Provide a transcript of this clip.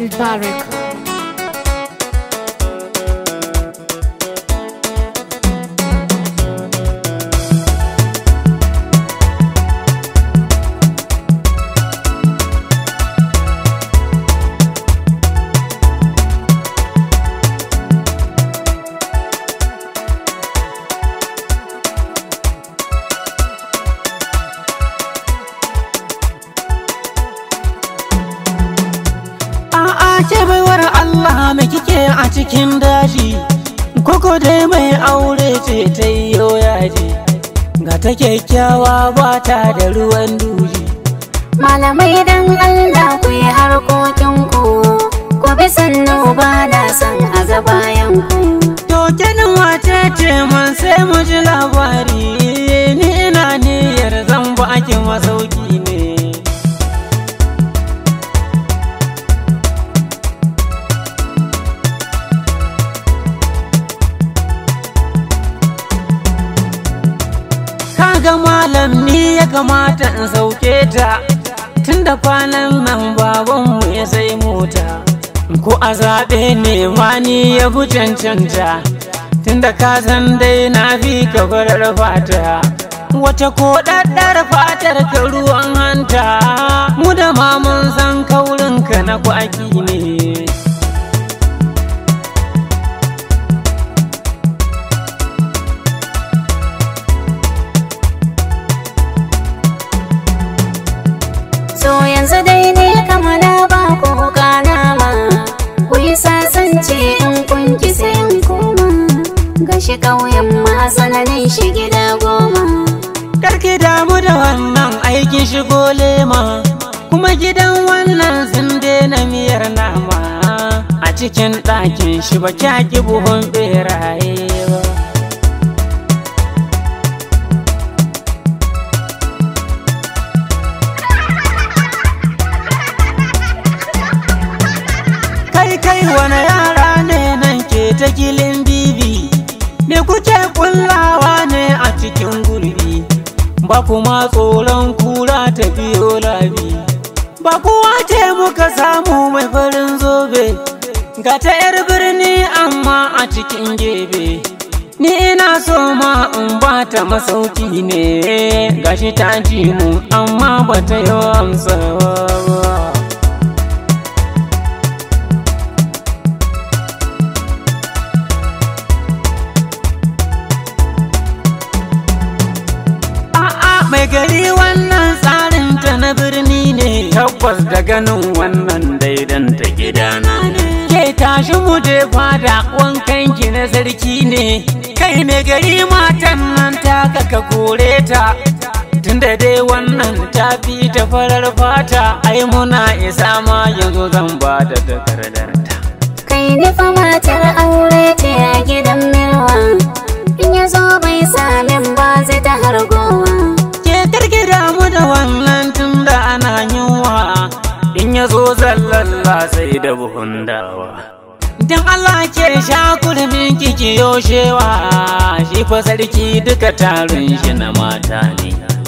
il barrack. ke baiwar Allah mai kike a cikin daji koko dai mai aure ce ta yi yaji ga ta kyakkyawa ba ta da ruwan duji malamai dan Allah ku yi harkokin ku kaga malam ni ya kamata in sauke ta tunda kwanan nan babanmu ya sai mota ko a zaɓe ne ma ni ya fi cancanta tunda ka san dai na fi ka farar fata wata ko ɗaɗɗar fatar ka ruwan hanta mu da ma mun kaurin kaurinka na kwaki ne yanzu dai ne kama na ba ko kana ma ku yi sasance in kun ki sayan koma shi ƙauyen ma tsananin shi gida goma karki damu da wannan aiki shigo lema kuma gidan wannan sun daina miyar nama a cikin ɗakin shi ba kyaki buhun beraye ba wai wani yara ne nan ke ta kilin bibi ne kuke kullawa ne a cikin gurbi ba kuma tsoron kura ta biyo labi ba kuwa ce muka samu mai farin zobe ga ta yar birni amma a cikin gebe ni ina so ma in ba ta masauki ne gashi ta ji mu amma ba ta yi amsa ba gari wannan tsarin ta na birni ne tabbas da ganin wannan daidan ta gidana ne ke tashi mu je fada wankan ki na sarki ne kai mai gari matan nan ta kaka kore ta tunda dai wannan ta fi ta farar fata ai muna isa ma yanzu zan ba da takardar ta kai nufa matar aure ya zo zallan sai da buhun dawa dan Allah ke sha kurmin kiki yoshewa shi fa sarki duka tarin shi na mata ne